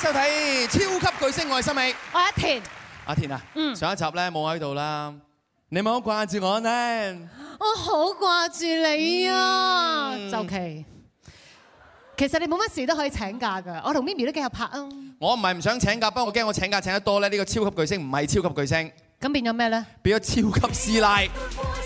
收睇超級巨星係森美，我係阿田，阿田啊，嗯、上一集咧冇喺度啦，你冇掛住我咧，我好掛住你啊，就其、嗯，其實你冇乜事都可以請假噶，我同咪咪都幾合拍啊，我唔係唔想請假，不過我驚我請假請得多咧，呢、呢個超級巨星唔係超級巨星，咁變咗咩咧？變咗超級師奶。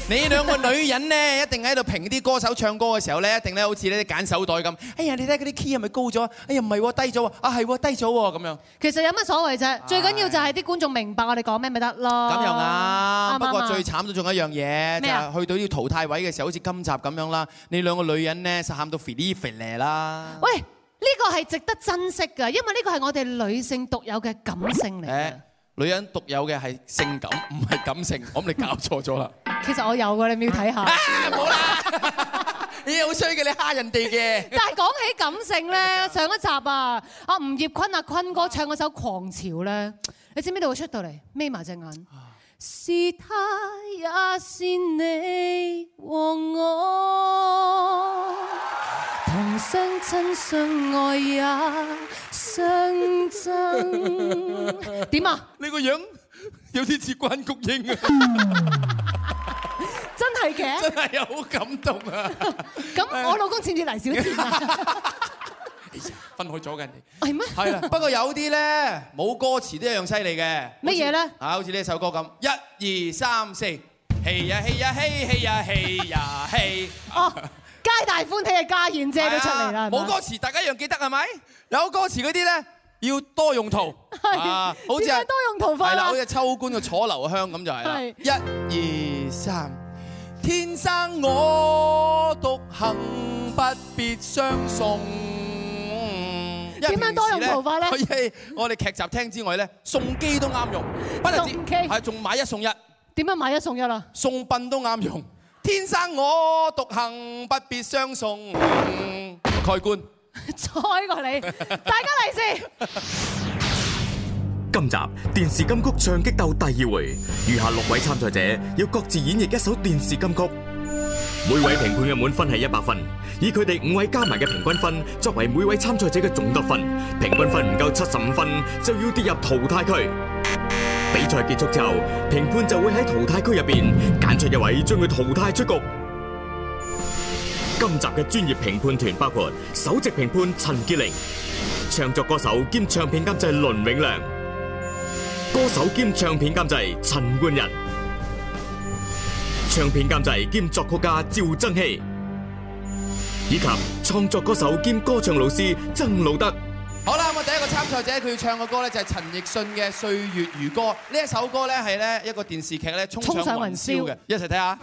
你兩個女人咧， 一定喺度評啲歌手唱歌嘅時候咧，一定咧好似咧揀手袋咁。哎呀，你睇嗰啲 key 係咪高咗？哎呀，唔係，啊，低咗啊，係、啊、低咗咁、啊、樣。其實有乜所謂啫？哎、呀 最緊要就係啲觀眾明白我哋講咩咪得咯。咁又啊，對吧 不過最慘都仲有一樣嘢，對吧 就係去到啲淘汰位嘅時候，好似今集咁樣啦。麼你兩個女人咧，就喊到肥啲肥咧啦。喂，呢、呢個係值得珍惜噶，因為呢個係我哋女性獨有嘅感性嚟噶。女人獨有嘅係性感，唔係感性，我諗你搞錯咗啦。其實我有㗎，你咪要睇下。啊，冇啦！咦，好衰嘅，你蝦人哋嘅。但係講起感性咧， 上一集啊，吳阿吳業坤啊，坤哥唱嗰首《狂潮》咧，你知唔知道會出到嚟？眯埋隻眼。啊、是他，也是你和我。同相親相愛也相親。點啊？你個樣有啲似關谷英啊！真係嘅。真係有好感動啊！咁我老公似唔似黎小田啊？分開咗嘅人哋。係咩？係啦，不過有啲咧，冇歌詞都一樣犀利嘅。乜嘢咧？啊，好似呢一首歌咁，一二三四，嘿呀嘿呀嘿，嘿呀嘿呀嘿。太大歡喜的燕姐都出來，係家宴借咗出嚟啦。冇吧歌詞，大家一樣記得係咪？有歌詞嗰啲咧，要多用圖，好似是、啊、多用圖法啦，好似、啊、秋官嘅《楚留香》咁就係啦。一二三，天生我獨行，不必相送。點樣多用途法咧？我哋劇集聽之外咧，送機都啱用，不係仲買一送一。點樣買一送一啊？送賓都啱用。天生我獨行，不必相送。蓋棺。錯過你，大家嚟先。今集電視金曲唱激鬥第二回，餘下六位參賽者要各自演繹一首電視金曲。每位評判嘅滿分係一百分，以佢哋五位加埋嘅平均分作為每位參賽者嘅總得分。平均分唔夠七十五分就要跌入淘汰區。比賽結束之後，評判就會喺淘汰區入邊揀出一位，將佢淘汰出局。今集嘅專業評判團包括首席評判陳潔靈、唱作歌手兼唱片監製倫永亮、歌手兼唱片監製陳奐仁、唱片監製兼作曲家趙增熹，以及創作歌手兼歌唱老師曾路德。好啦，我第一個參賽者佢要唱嘅歌咧，就係陳奕迅嘅《歲月如歌》呢一首歌咧，係咧，一個電視劇咧，衝上雲霄嘅，一齊睇下。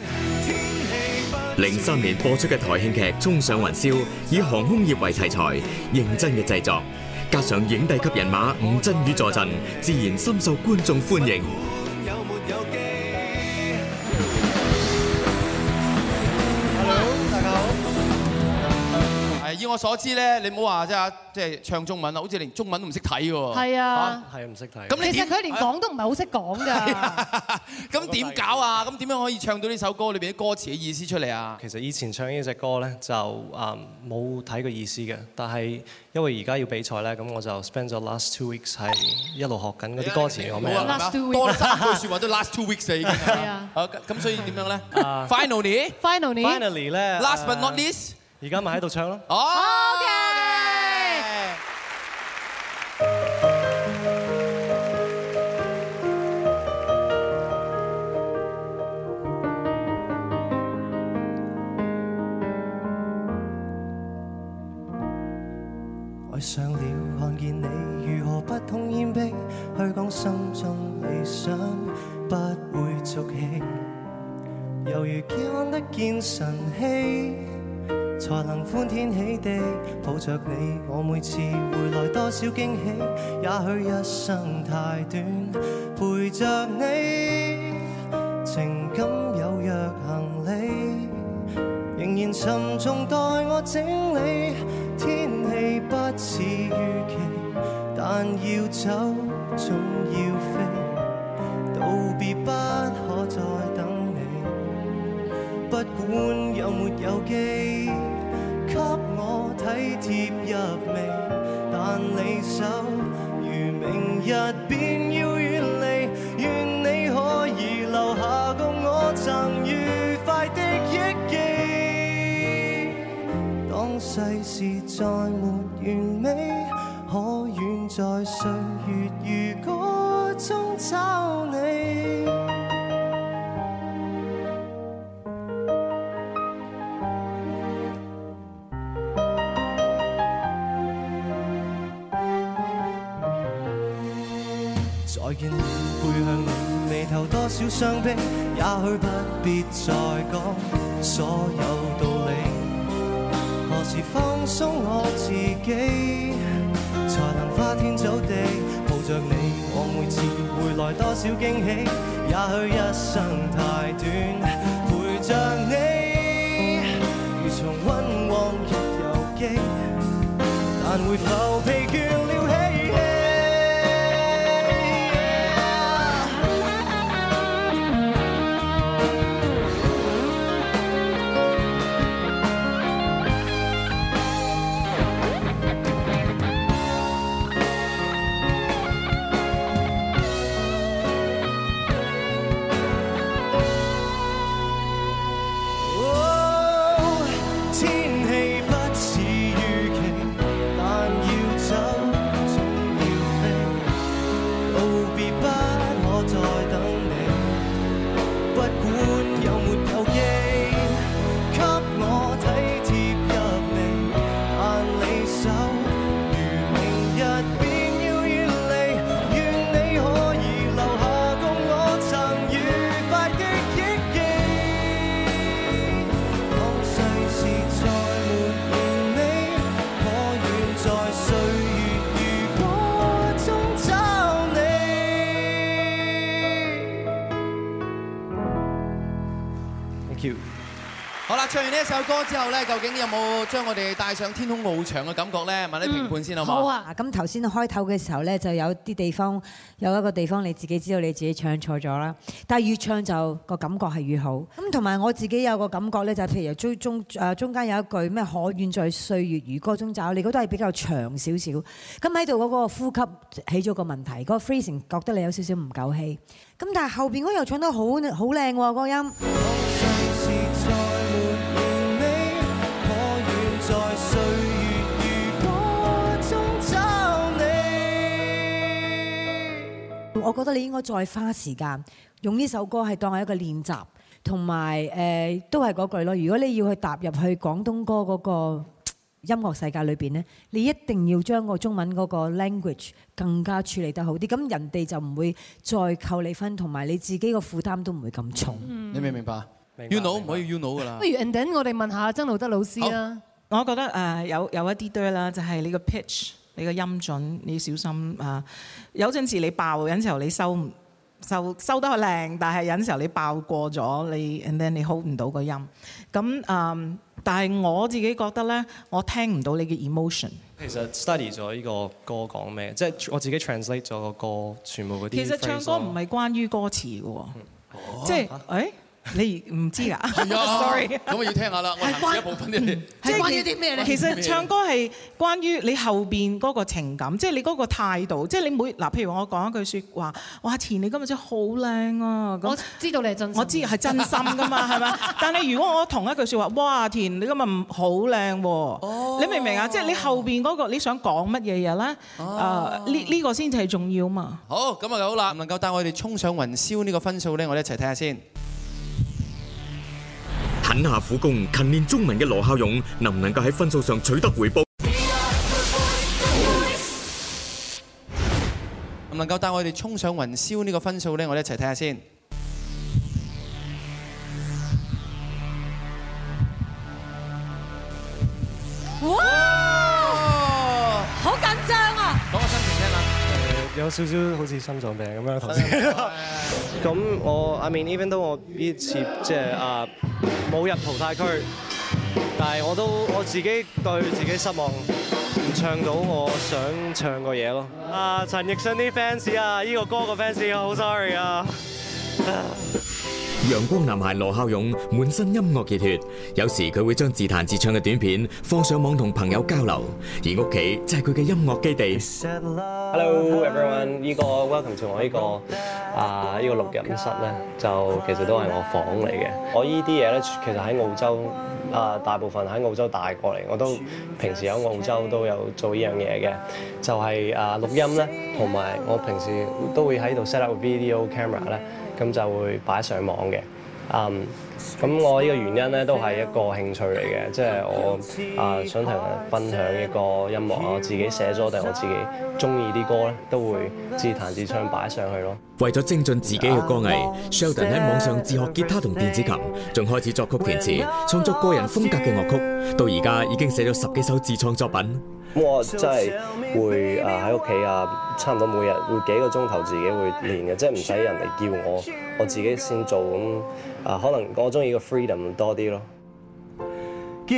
零三年播出嘅台慶劇《衝上雲霄》，以航空業為題材，認真嘅製作，加上影帝級人馬吳鎮宇助陣，自然深受觀眾歡迎。以我所知咧，你唔好話即係即係唱中文啦，好似連中文都唔識睇喎。係啊，係唔識睇。咁其實佢連講都唔係好識講㗎。咁點搞啊？咁點樣可以唱到呢首歌裏邊啲歌詞嘅意思出嚟啊？其實以前唱呢隻歌咧，就啊冇睇過意思嘅。但係因為而家要比賽咧，咁我就 spend 咗 last two weeks 係一路學緊嗰啲歌詞講咩啦。多三句説話都 last two weeks 嚟嘅。係啊。好，咁，所以點樣咧？Finally，finally 咧，last but not least。而家咪喺度唱咯。你我每次回來多少驚喜，也許一生太短。別再講所有道理，何時放鬆我自己，才能花天酒地抱着你。我每次回來多少驚喜，也許一生太短，陪着你如重溫往日遊記，但會否疲倦？唱完呢一首歌之後呢，究竟有冇將我哋帶上天空翱翔嘅感覺呢？問你評判先好冇？好啊！咁頭先開頭嘅時候呢，就有啲地方有一個地方你自己知道你自己唱錯咗啦。但係越唱就個感覺係越好。咁同埋我自己有一個感覺呢，就係、是、譬如追中誒中間有一句咩可願在歲月如歌中找你，嗰度係比較長少少。咁喺度嗰個呼吸起咗個問題，嗰個 freezing 覺得你有少少唔夠氣。咁但係後邊嗰又唱得很很好好靚喎，嗰音。我覺得你應該再花時間用呢首歌係當係一個練習，同埋誒都係嗰句咯。如果你要去踏入去廣東歌嗰個音樂世界裏邊咧，你一定要將個中文嗰個 language 更加處理得好啲。咁人哋就唔會再扣你分，同埋你自己個負擔都唔會咁重。你明唔明白？you know 唔可以 you know 噶啦。不如 a 我哋問下曾路德老師啦。我覺得誒有有一啲多啦，就係、是、你個 pitch。你嘅音準，你小心啊！Uh, 有一陣時你爆有時候，你收唔收收得靚，但係有時候你爆過咗，你然後你 hold 唔到個音。咁嗯，um, 但係我自己覺得咧，我聽唔到你嘅 emotion。其實 study 咗呢個歌講咩，即係我自己 translate 咗個歌，全部嗰啲。其實唱歌唔係關於歌詞嘅喎，即係誒。就是哎你唔知㗎？咁我的 Sorry 要聽下啦，關我行一部分呢啲。即係關於啲咩咧？其實唱歌係關於你後邊嗰個情感，即係你嗰個態度，即係你每嗱。譬如我講一句説話，哇！田你今日真係好靚啊！我知道你係真心，我知係真心㗎嘛，係嘛？但係如果我同一句説話，哇！田你今日好靚喎，哦、你明唔明啊？即係你後邊嗰個你想講乜嘢嘢咧？啊、哦，呢呢、uh, 個先至係重要嘛。好，咁啊好啦，能夠帶我哋衝上雲霄呢個分數咧，我哋一齊睇下先。肯下苦功勤練中文嘅羅孝勇，能唔能夠喺分數上取得回報？能唔能夠帶我哋衝上雲霄呢個分數咧，我哋一齊睇下先。有少少好似心臟病咁樣，頭先。咁我，I mean，even 當我呢次即係啊冇入淘汰區，但係我都我自己對自己失望，唔唱到我想唱個嘢咯。啊，陳奕迅啲 fans 啊，呢個歌個 fans 啊，好 sorry 啊。陽光男孩羅孝勇滿身音樂熱血，有時佢會將自彈自唱嘅短片放上網同朋友交流，而屋企就係佢嘅音樂基地。Hello everyone，呢個 welcome to 我呢個，uh，啊呢個錄音室咧，就其實都係我房嚟嘅。我呢啲嘢咧，其實喺澳洲啊，uh, 大部分喺澳洲大過嚟，我都平時喺澳洲都有做呢樣嘢嘅，就係啊錄音咧，同埋我平時都會喺度 set up video camera 咧。咁就會擺上網嘅，嗯，咁我呢個原因咧都係一個興趣嚟嘅，即係我啊想同人分享一個音樂，我自己寫咗定我自己中意啲歌咧都會自彈自唱擺上去咯。為咗精進自己嘅歌藝，Sheldon 喺網上自學吉他同電子琴，仲開始作曲填詞，創作個人風格嘅樂曲，到而家已經寫咗十幾首自創作品。咁我真係會啊喺屋企啊，差唔多每日會幾個鐘頭自己會練嘅，即係唔使人哋叫我，我自己先做咁啊。可能我中意個 freedom 多啲咯，即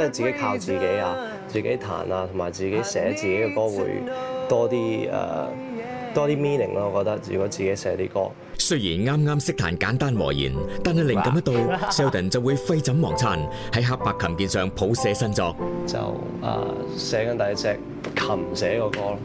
係自己靠自己啊，自己彈啊，同埋自己寫自己嘅歌會多啲誒。多啲 meaning 咯，我覺得。如果自己寫啲歌，雖然啱啱識彈簡單和弦，但係靈感一到 ，Sheldon 就會廢枕忘餐，喺黑白琴鍵上譜寫新作。就啊，寫、呃、緊第一隻琴寫個歌咯。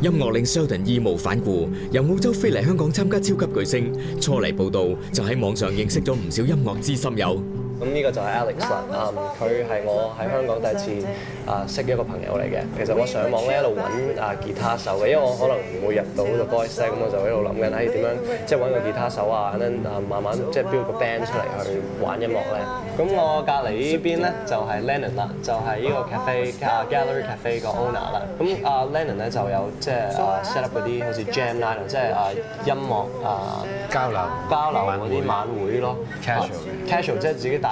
音樂令 Sheldon 義無反顧，由澳洲飛嚟香港參加超級巨星。初嚟報道就喺網上認識咗唔少音樂知心友。咁呢個就係 Alex 啦，啊，佢係我喺香港第一次啊識一個朋友嚟嘅。其實我上網咧一路揾啊吉他手嘅，因為我可能唔會入到 The Boys 咧，咁我就一路諗緊睇點樣即係揾個吉他手啊，跟啊慢慢即係 build 個 band 出嚟去玩音樂咧。咁我隔離呢邊咧就係 Lennon 啦，就係、是、's 呢個 cafe 啊 gallery cafe 個 owner 啦。咁啊 Lennon 咧就有即係啊 set up 嗰啲好似 jam night 即係啊音樂啊交流交流嗰啲晚會咯，casual casual 即係自己打。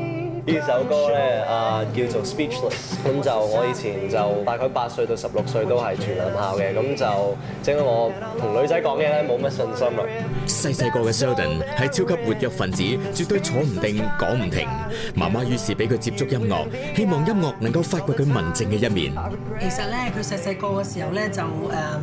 呢首歌咧，啊，叫做 Speechless。咁 Spe 就我以前就大概八歲到十六歲都係全男校嘅，咁就整到我同女仔講嘢咧冇乜信心啦。細細個嘅 Sheldon 係超級活躍分子，絕對坐唔定講唔停。媽媽於是俾佢接觸音樂，希望音樂能夠發掘佢文靜嘅一面。其實咧，佢細細個嘅時候咧就誒，呃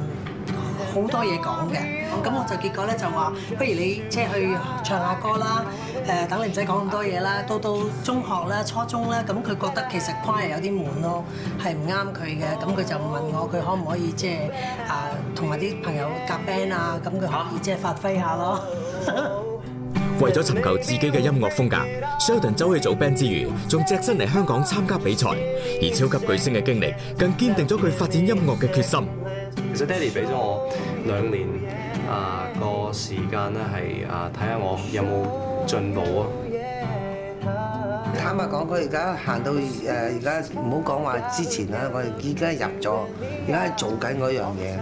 好多嘢講嘅，咁我就結果咧就話，不如你即係去唱下歌啦，誒等你唔使講咁多嘢啦。到到中學咧、初中咧，咁佢覺得其實誇嘢有啲悶咯，係唔啱佢嘅，咁佢就問我佢可唔可以即係啊同埋啲朋友夾 band 啊，咁佢可以即係發揮下咯。為咗尋求自己嘅音樂風格，Sheldon 走去做 band 之餘，仲隻身嚟香港參加比賽，而超級巨聲嘅經歷更堅定咗佢發展音樂嘅決心。其實爹哋俾咗我兩年啊，個時間咧，係啊睇下我有冇進步啊！坦白講，佢而家行到誒而家唔好講話之前啦，我哋而家入咗，而家做緊嗰樣嘢，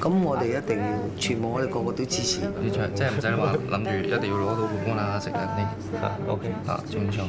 咁我哋一定要全部，我哋個個都支持 即不用，即係唔使話諗住一定要攞到冠軍啦食啊啲。啊 OK 啊，唱唔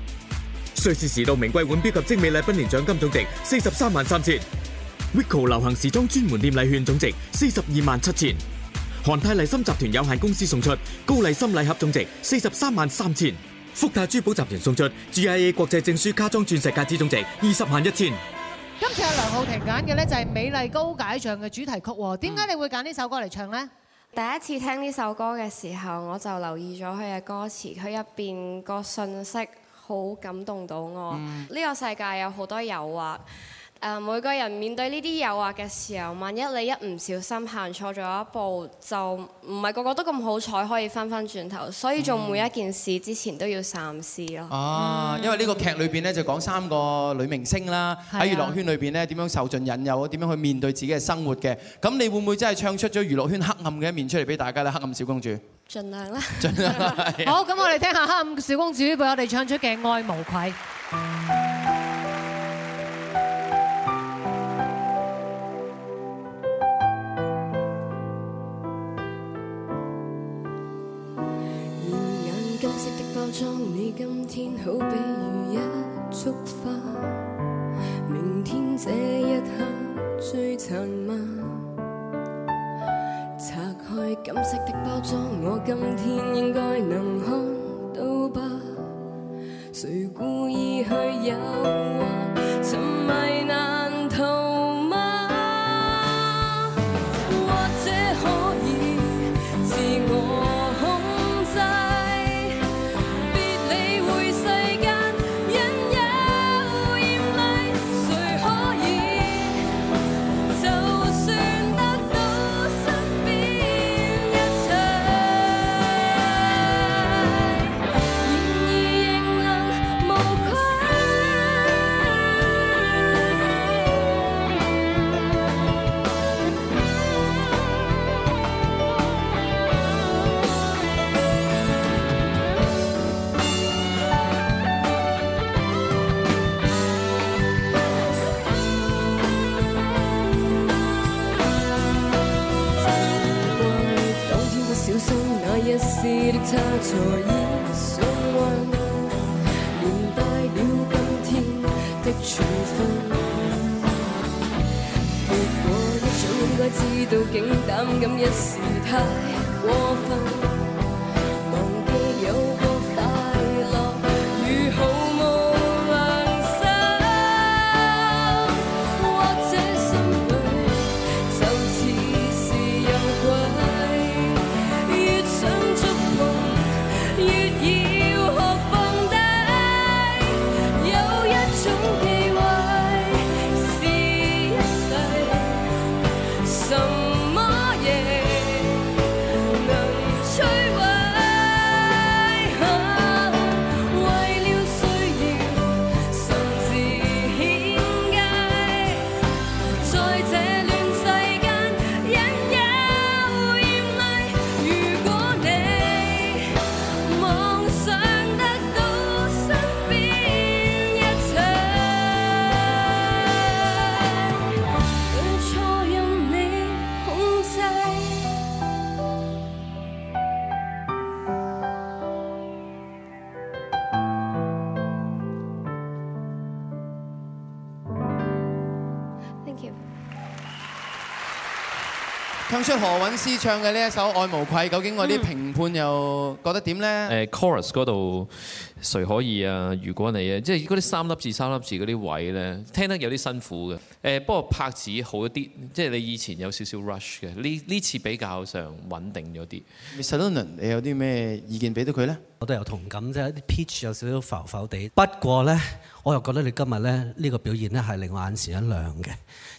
瑞士時度名貴腕表及精美禮賓年獎金總值四十三萬三千。Waco 流行時裝專門店禮券總值四十二萬七千。韓泰麗參集團有限公司送出高麗參禮盒總值四十三萬三千。福泰珠寶集團送出 GIA 國際證書加裝鑽石戒指總值二十萬一千。今次阿梁皓婷揀嘅呢就係《美麗高解像》嘅主題曲，點解你會揀呢首歌嚟唱呢？第一次聽呢首歌嘅時候，我就留意咗佢嘅歌詞，佢入邊個信息。好感動到我，呢個世界有好多誘惑。誒每個人面對呢啲誘惑嘅時候，萬一你一唔小心行錯咗一步就不那麼，就唔係個個都咁好彩可以返返轉頭，所以做每一件事之前都要三思咯、嗯。哦、啊，因為呢個劇裏邊咧就講三個女明星啦，喺娛樂圈裏邊咧點樣受盡引誘啊，點樣去面對自己嘅生活嘅。咁你會唔會真係唱出咗娛樂圈黑暗嘅一面出嚟俾大家咧？黑暗小公主，盡量啦。盡量啦。好，咁我哋聽下黑暗小公主俾我哋唱出嘅愛無愧。今天好比如一束花，明天這一刻最燦爛。拆開金色的包裝，我今天應該能看到吧？誰故意去誘惑才已上運，連帶了今天的處分。結果一早應該知道，竟膽敢一時太過分。出何韻詩唱嘅呢一首《愛無愧》，究竟我啲評判又覺得點咧？誒，嗯，chorus 嗰度。誰可以啊？如果你啊，即係嗰啲三粒字、三粒字嗰啲位咧，聽得有啲辛苦嘅。誒、呃，不過拍子好一啲，即係你以前有少少 rush 嘅，呢呢次比較上穩定咗啲。你, on, 你有啲咩意見俾到佢咧？我都有同感啫，一啲 pitch 有少少浮浮哋。不過咧，我又覺得你今日咧呢、這個表現咧係令我眼前一亮嘅，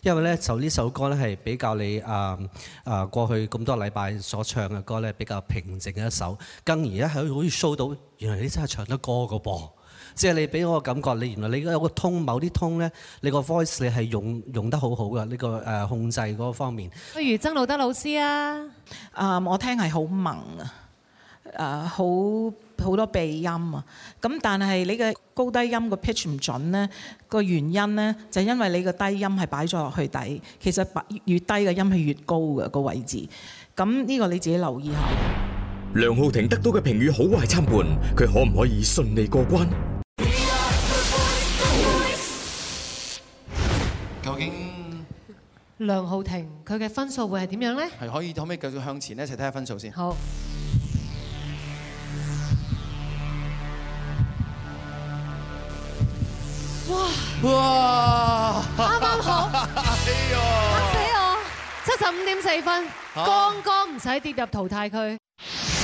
因為咧就呢首歌咧係比較你誒誒、啊啊、過去咁多禮拜所唱嘅歌咧比較平靜嘅一首，更而家係好似 show 到。原來你真係唱得歌個噃，即係你俾我個感覺，你原來你有個通，某啲通咧，你個 voice 你係用用得好好嘅，呢個誒控制嗰方面。不如曾路德老師啊，啊我聽係好萌啊，誒好好多鼻音啊，咁但係你嘅高低音個 pitch 唔準咧，個原因咧就因為你個低音係擺咗落去底，其實越低嘅音係越高嘅個位置，咁呢個你自己留意下。梁皓婷得到嘅評語好壞參半，佢可唔可以順利過關？究竟梁皓婷佢嘅分數會係點樣呢？係可以可唔可以繼續向前咧？一齊睇下分數先。好。哇哇！啱啱好，吓死我，七十五點四分，剛剛唔使跌入淘汰區。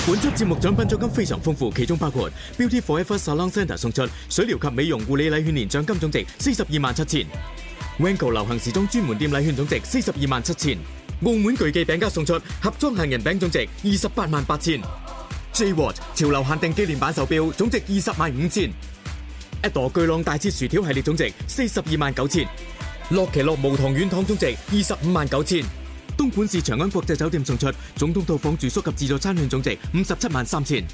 本齣節目獎品獎金非常豐富，其中包括 Beauty Forever Salon Centre 送出水療及美容護理禮券，年獎金總值四十二萬七千；Wanko 流行時裝專門店禮券總值四十二萬七千；澳門钜記餅家送出盒裝杏仁餅總值二十八萬八千；J Watch 潮流限定紀念版手錶總值二十萬五千；Edo 巨浪大隻薯條系列總值四十二萬九千；樂奇樂無糖軟糖總值二十五萬九千。東莞市長安國際酒店送出總統套房住宿及自助餐券總值五十七萬三千。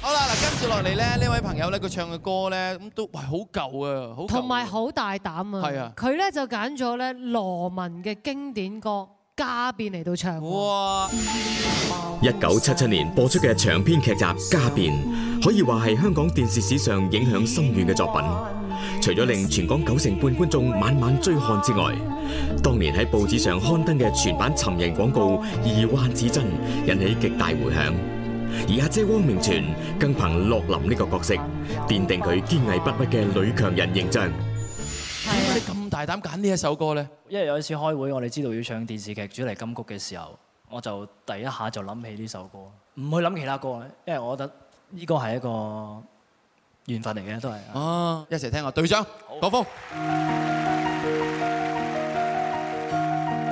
好啦，嗱，跟住落嚟咧，呢位朋友咧，佢唱嘅歌咧，咁都係好舊啊，同埋好大膽啊，佢咧、啊啊、就揀咗咧羅文嘅經典歌《家變》嚟到唱。一九七七年播出嘅長篇劇集《家變》，可以話係香港電視史上影響深遠嘅作品。除咗令全港九成半觀眾晚晚追看之外，當年喺報紙上刊登嘅全版尋人廣告疑幻似真，引起極大回響。而阿姐汪明荃更憑洛琳呢個角色，奠定佢堅毅不屈嘅女強人形象。點解你咁大膽揀呢一首歌呢？因為有一次開會，我哋知道要唱電視劇主題金曲嘅時候，我就第一下就諗起呢首歌，唔去諗其他歌，因為我覺得呢個係一個。緣分嚟嘅，都係、啊，哦，一齊聽下，隊長，國峰。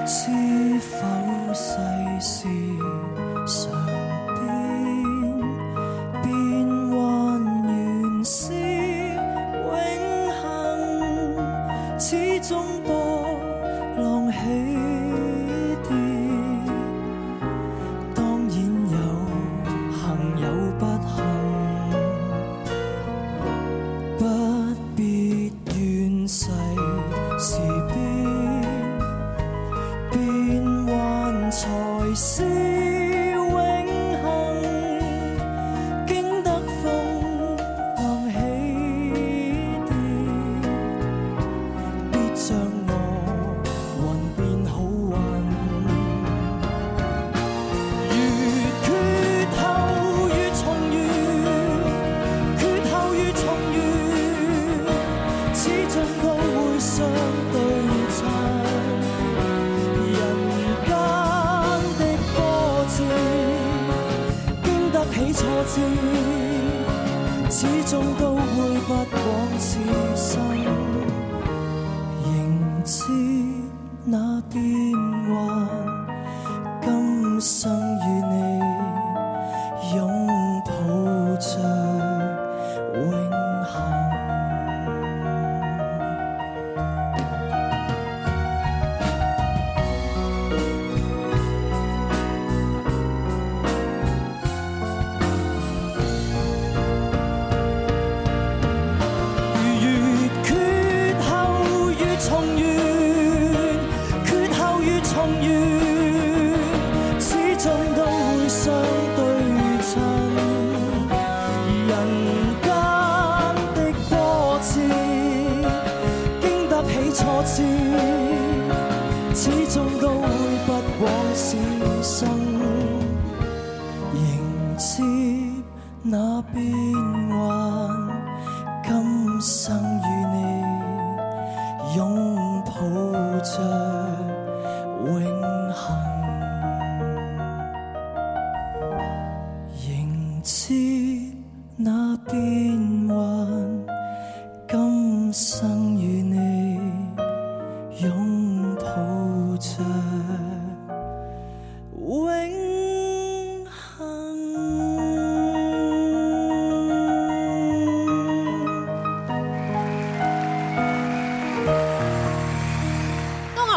知否世事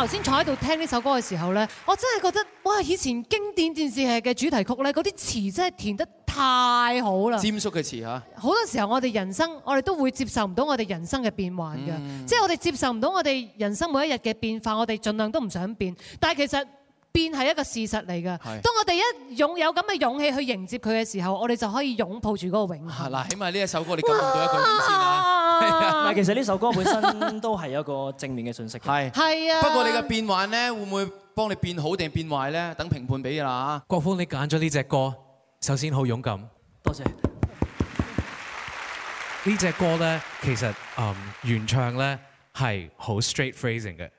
先坐喺度聽呢首歌嘅時候咧，我真係覺得哇！以前經典電視劇嘅主題曲咧，嗰啲詞真係填得太好啦。尖叔嘅詞嚇。好多時候我哋人生，我哋都會接受唔到我哋人生嘅變幻嘅，即係我哋接受唔到我哋人生每一日嘅變化，我哋盡量都唔想變，但係其實變係一個事實嚟嘅。當我哋一擁有咁嘅勇氣去迎接佢嘅時候，我哋就可以擁抱住嗰個永恆。嗱，起碼呢一首歌，你感受多一個意思啦。唔係。 其實呢首歌本身都係一個正面嘅信息。係，係啊， 不過你嘅變幻咧，會唔會幫你變好定變壞咧？等評判俾啦。國峰，你揀咗呢隻歌，首先好勇敢。多謝，謝。呢隻歌咧，其實、嗯、原唱咧係好 straight phrasing 嘅。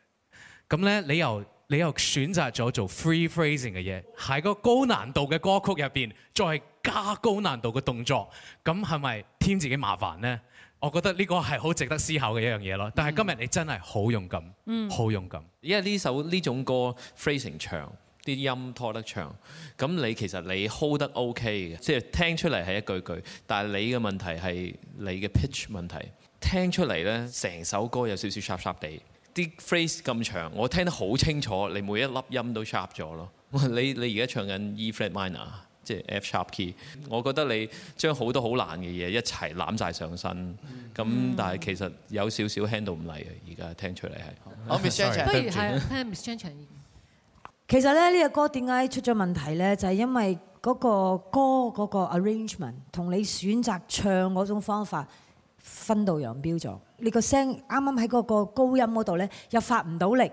咁咧，你又你又選擇咗做 free phrasing 嘅嘢，喺個高難度嘅歌曲入邊再加高難度嘅動作，咁係咪添自己麻煩咧？我覺得呢個係好值得思考嘅一樣嘢咯。但係今日你真係好勇敢，好、嗯、勇敢。因為呢首呢種歌 phrasing 長，啲音拖得長。咁你其實你 hold 得 OK 嘅，即係聽出嚟係一句句。但係你嘅問題係你嘅 pitch 問題，聽出嚟呢，成首歌有少少 sharp sharp 哋。啲 phrase 咁長，我聽得好清楚，你每一粒音都 sharp 咗咯。你你而家唱緊 E flat minor。即係 F sharp key，我覺得你將好多好難嘅嘢一齊攬晒上身，咁但係其實有少少 handle 唔嚟嘅，而、hmm. 家聽出嚟係。不如係聽 Miss Chan 長。其實咧呢、呢個歌點解出咗問題咧？就係、係、因為嗰個歌嗰個 arrangement 同你選擇唱嗰種方法分道揚鑣咗。你個聲啱啱喺嗰個高音嗰度咧又發唔到力，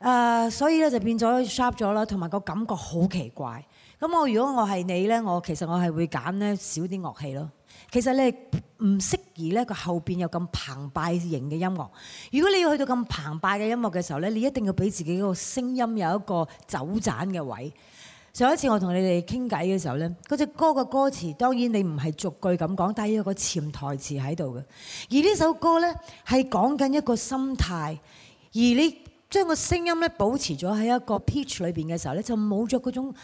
誒所以咧就變咗 sharp 咗啦，同埋個感覺好奇怪。咁我如果我係你呢，我其實我係會揀呢少啲樂器咯。其實你唔適宜呢，個後邊有咁澎湃型嘅音樂。如果你要去到咁澎湃嘅音樂嘅時候呢，你一定要俾自己個聲音有一個走盞嘅位置。上一次我同你哋傾偈嘅時候呢，嗰隻歌嘅歌詞當然你唔係逐句咁講，但係有一個潛台詞喺度嘅。而呢首歌呢，係講緊一個心態，而你將個聲音呢保持咗喺一個 pitch 裏邊嘅時候呢，就冇咗嗰種。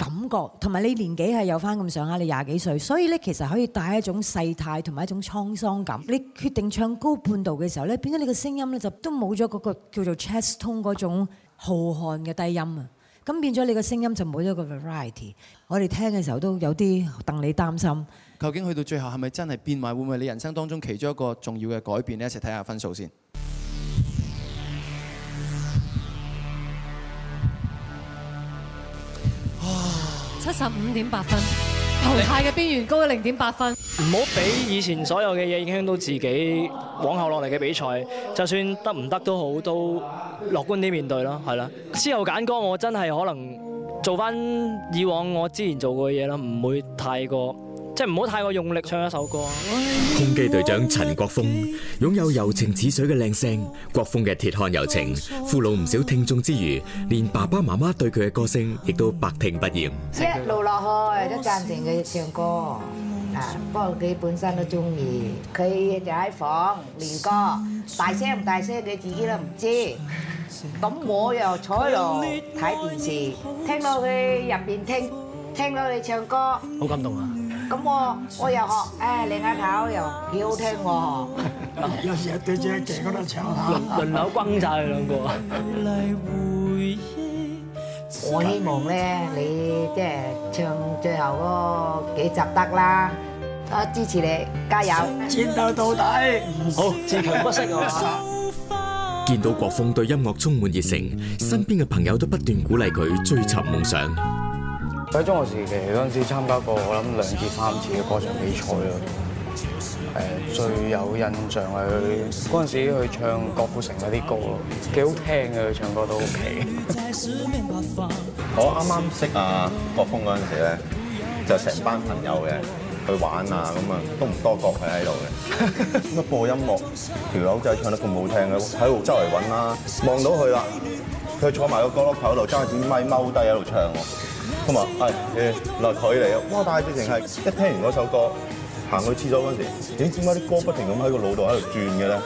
感覺同埋你年紀係有翻咁上下，你廿幾歲，所以咧其實可以帶一種世態同埋一種滄桑感。你決定唱高半度嘅時候咧，變咗你個聲音咧就都冇咗嗰個叫做 chest tone 嗰種浩瀚嘅低音啊！咁變咗你個聲音就冇咗個 variety。我哋聽嘅時候都有啲戥你擔心。究竟去到最後係咪真係變埋？會唔會你人生當中其中一個重要嘅改變咧？你一齊睇下分數先。七十五點八分，淘汰嘅邊緣高咗零點八分。唔好俾以前所有嘅嘢影響到自己，往後落嚟嘅比賽，就算得唔得都好，都樂觀啲面對咯，係啦。之後揀歌，我真係可能做翻以往我之前做過嘅嘢咯，唔會太過。即係唔好太過用力唱一首歌。空機隊長陳國峰擁有柔情似水嘅靚聲，國峰嘅鐵漢柔情俘虜唔少聽眾之餘，連爸爸媽媽對佢嘅歌聲亦都百聽不厭。一路落去都贊成嘅唱歌，啊，不過佢本身都中意。佢就喺房練歌，大聲唔大聲佢自己都唔知。咁我又坐喺度睇電視，聽到佢入面聽，聽到佢唱歌，好感動啊！咁我我又學，誒、哎、你啱頭又幾好聽喎。 有時一對姐姐嗰度唱下，輪流轟曬兩個。我希望咧， 你即係唱最後嗰幾集得啦，我支持你，加油，戰鬥到，到底，好自強不息啊！ 見到國峰對音樂充滿熱誠，身邊嘅朋友都不斷鼓勵佢追尋夢想。喺中學時期嗰陣時參加過我諗兩至三次嘅歌唱比賽咯。誒，最有印象係佢嗰陣時去唱郭富城嗰啲歌咯，幾好聽嘅，佢唱歌都 OK。我啱啱識阿郭峰嗰陣時咧，就成班朋友嘅去玩啊，咁啊都唔多覺佢喺度嘅。一播音樂，條友仔唱得咁好聽嘅，喺度周圍揾啦，望到佢啦，佢坐埋個角落頭度，揸住支麥踎低喺度唱同埋，係誒嗱佢嚟啊！哇，但係直情係一聽完嗰首歌，行去廁所嗰時，咦、哎？點解啲歌不停咁喺個腦度喺度轉嘅咧？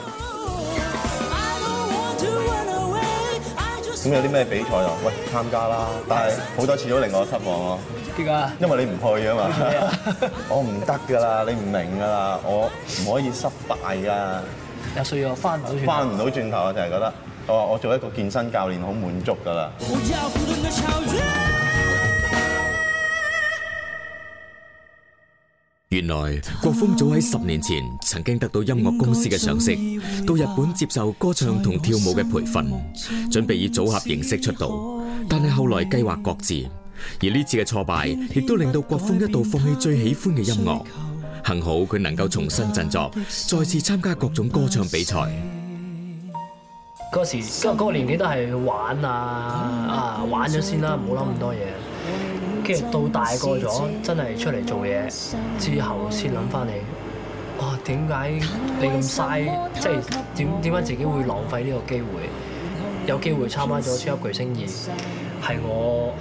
咁有啲咩比賽啊？喂，參加啦！但係好多次都令我失望啊。結果，因為你唔去啊嘛。我唔得噶啦，你唔明噶啦，我唔可以失敗噶。廿歲我翻唔到轉，翻唔到轉頭啊！就係覺得，我我做一個健身教練好滿足噶啦。嗯原來郭峰早喺十年前曾經得到音樂公司嘅賞識，到日本接受歌唱同跳舞嘅培訓，準備以組合形式出道，但係後來計劃各自，而呢次嘅挫敗，亦都令到郭峰一度放棄最喜歡嘅音樂。幸好佢能夠重新振作，再次參加各種歌唱比賽。嗰時，即係嗰個年紀都係玩啊啊，玩咗先啦，唔好諗咁多嘢。跟住到大個咗，真係出嚟做嘢之後先諗翻你，哇！點解你咁嘥？即係點點解自己會浪費呢個機會？有機會參加咗超級巨星二，係我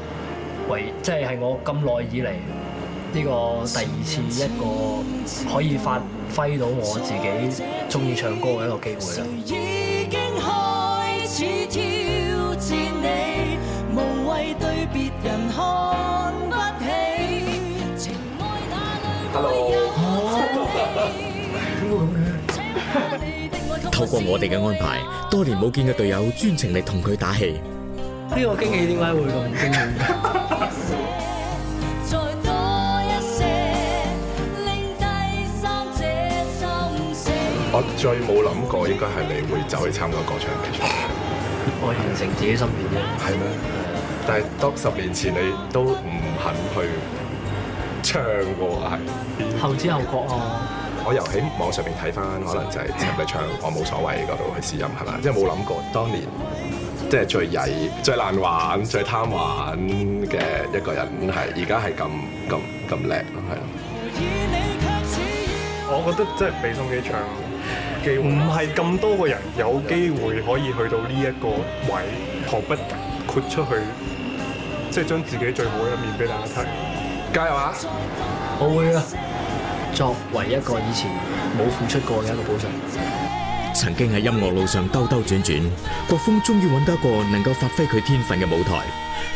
為即係係我咁耐以嚟呢個第二次一個可以發揮到我自己中意唱歌嘅一個機會啦。透過我哋嘅安排，多年冇見嘅隊友專程嚟同佢打氣。呢個驚喜點解會咁驚喜？ 我最冇諗過應該係你會走去參加歌唱比賽。 我完成自己心願啫。係咩？ 但係當十年前你都唔肯去唱過係後知後覺啊。我又喺網上面睇翻，可能就係唱嚟唱，我冇所謂嗰度去試音係嘛、係咪？即係冇諗過，當年即係最曳、最難玩、最貪玩嘅一個人，係而家係咁咁咁叻係咯。我覺得即係備送嘅唱機會，唔係咁多個人有機會可以去到呢一個位，何不豁出去，即係將自己最好嘅一面俾大家睇。加油啊！我會啊！作為一個以前冇付出過嘅一個補償，曾經喺音樂路上兜兜轉轉，國峰終於揾到一個能夠發揮佢天分嘅舞台，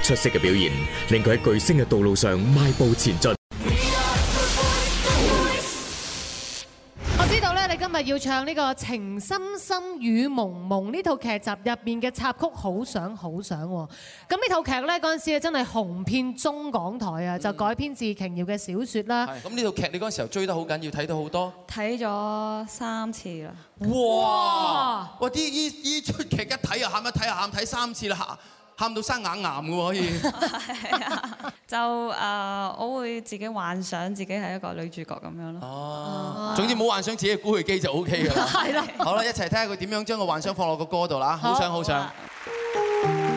出色嘅表現令佢喺巨星嘅道路上邁步前進。要唱呢個情深深雨濛濛呢套劇集入面嘅插曲好想好想喎。咁呢套劇咧嗰陣時啊真係紅遍中港台啊，就改編自瓊瑤嘅小說啦。咁呢套劇你嗰時候追得好緊，要睇到好多。睇咗三次啦。哇！哇！啲依依出劇一睇就喊，一睇就喊，睇三次啦嚇。喊到生眼癌㗎喎，可以癌癌 ，就誒，我會自己幻想自己係一個女主角咁樣咯。哦，總之冇幻想自己係古巨基就 O K 㗎。係啦，好啦，一齊聽下佢點樣將個幻想放落個歌度啦好，好想好想。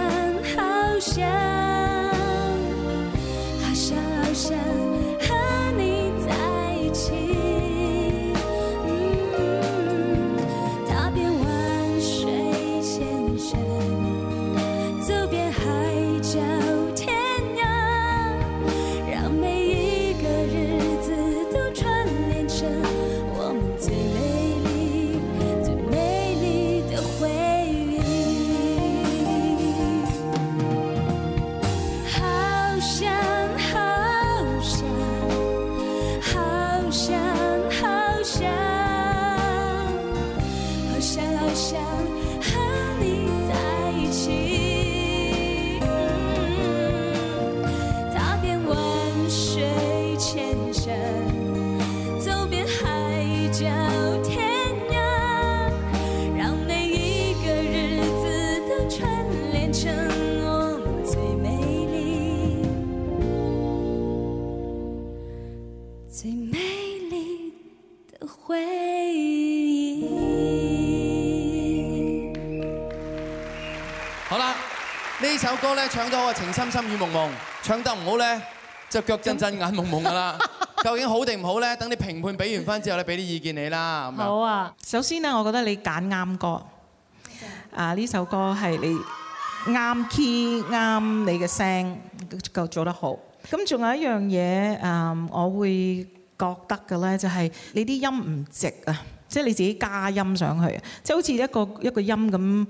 首歌咧唱得好啊，情深深雨濛濛；唱得唔好咧，就腳震震眼濛濛噶啦。究竟好定唔好咧？等你評判俾完翻之後咧，俾啲意見你啦。好啊，首先咧，我覺得你揀啱歌啊，呢首歌係你啱 key 啱你嘅聲，夠做得好。咁仲有一樣嘢，嗯，我會覺得嘅咧，就係你啲音唔直啊，即係你自己加音上去，即係好似一個一個音咁。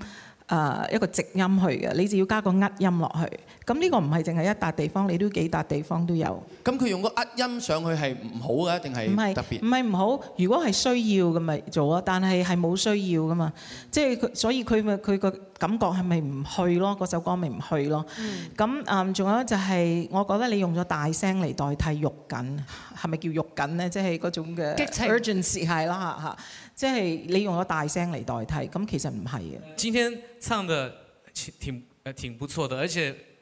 誒，一個直音去嘅，你就要加個呃音落去。咁呢個唔係淨係一笪地方，你都幾笪地方都有。咁佢用個呃音上去係唔好啊？定係唔係特別？唔係唔好。如果係需要咁咪做啊，但係係冇需要噶嘛。即係佢，所以佢咪佢個感覺係咪唔去咯？嗰首歌咪唔去咯。咁誒、嗯，仲、嗯、有就係我覺得你用咗大聲嚟代替肉緊，係咪叫肉緊咧？即係嗰種嘅。激情。urgency 係啦嚇嚇。即、就、係、是、你用咗大聲嚟代替，咁其實唔係嘅。今天唱得挺挺挺不錯嘅。而且。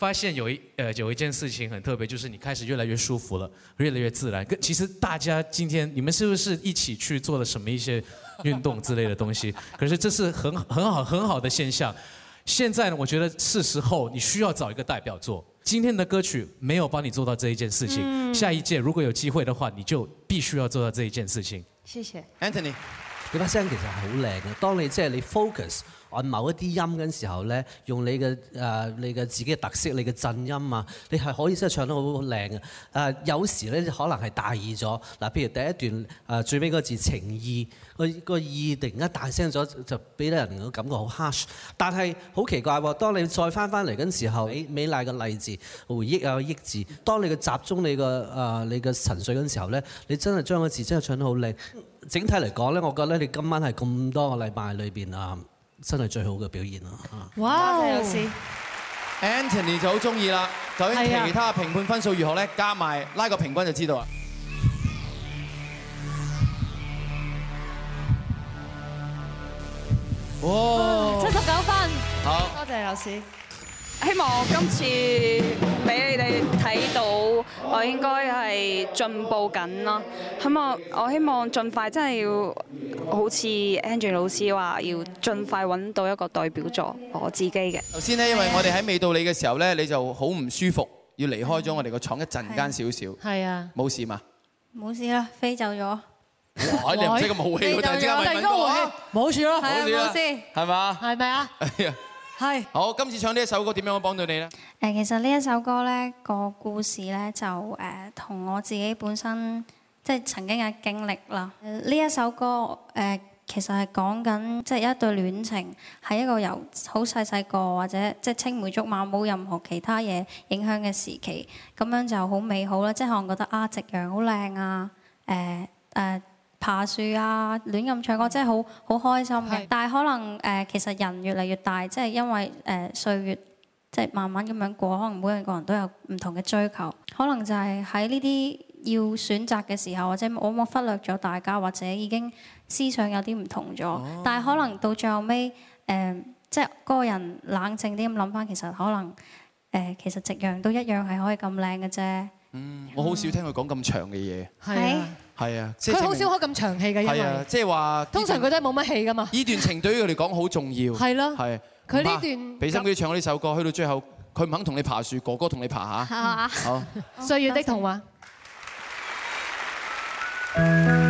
發現有一呃有一件事情很特別，就是你開始越來越舒服了，越來越自然。跟其實大家今天你們是不是一起去做了什麼一些運動之類的東西？ 可是這是很很好很好的現象。現在呢，我覺得是時候你需要找一個代表作。今天的歌曲沒有幫你做到這一件事情，嗯、下一屆如果有機會的話，你就必須要做到這一件事情。謝謝，Anthony。你把聲音其實好靚，當你這裏 focus。按某一啲音嗰陣時候咧，用你嘅誒、呃、你嘅自己嘅特色、你嘅震音啊，你係可以真係唱得好靚啊。誒、呃、有時咧，可能係大意咗。嗱，譬如第一段誒、呃、最尾個字情意，個、個意突然間大聲咗，就俾得人個感覺好 hush。但係好奇怪喎，當你再翻翻嚟嗰陣時候，誒美，美麗嘅麗字、回憶啊憶字，當你嘅集中、你嘅誒、呃、你嘅沉醉嗰陣時候咧，你真係將嗰個字真係唱得好靚。整體嚟講咧，我覺得你今晚係咁多個禮拜裏邊啊～、呃真係最好嘅表現啊！哇有事，Anthony 就好中意啦。究竟其他評判分數如何咧？是的 加埋拉個平均就知道啦。哇，七十九分，好多謝老師。希望今次俾你哋睇到，我應該係進步緊咯。咁我我希望盡快真的，真係要好似 Angie 老師話，要盡快揾到一個代表作，我自己嘅。頭先呢，因為我哋喺未到你嘅時候咧，你就好唔舒服，要離開咗我哋個廠一陣間少少。係啊。冇事嘛？冇事啦，飛走咗。我唔識個武器，但係架微電腦冇事啦，冇事啦，老師，係嘛？係咪啊？係，是好，今次唱呢一首歌點樣幫到你呢？誒，其實呢一首歌呢個故事呢，就誒，同我自己本身即係、就是、曾經嘅經歷啦。呢一首歌誒，其實係講緊即係一對戀情，係一個由好細細個或者即係青梅竹馬冇任何其他嘢影響嘅時期，咁樣就好美好啦。即係我覺得啊，夕陽好靚啊，誒、呃、誒。爬樹啊，亂咁唱歌，真係好好開心嘅。係。但係可能誒，其實人越嚟越大，即係因為誒歲月即係慢慢咁樣過，可能每個人人都有唔同嘅追求，可能就係喺呢啲要選擇嘅時候，或者我有冇忽略咗大家，或者已經思想有啲唔同咗。哦、但係可能到最後尾誒、呃，即係個人冷靜啲咁諗翻，其實可能誒、呃，其實夕陽都一樣係可以咁靚嘅啫。嗯，我好少聽佢講咁長嘅嘢。係。係啊，佢通宵開咁長氣嘅，因為啊，即係話通常佢都係冇乜氣噶嘛。呢段情對於佢嚟講好重要 的。係咯，係是。佢呢段俾心機唱呢首歌，去到最後佢唔肯同你爬樹，哥哥同你爬下。嗯、好。歲月 的童話。Uh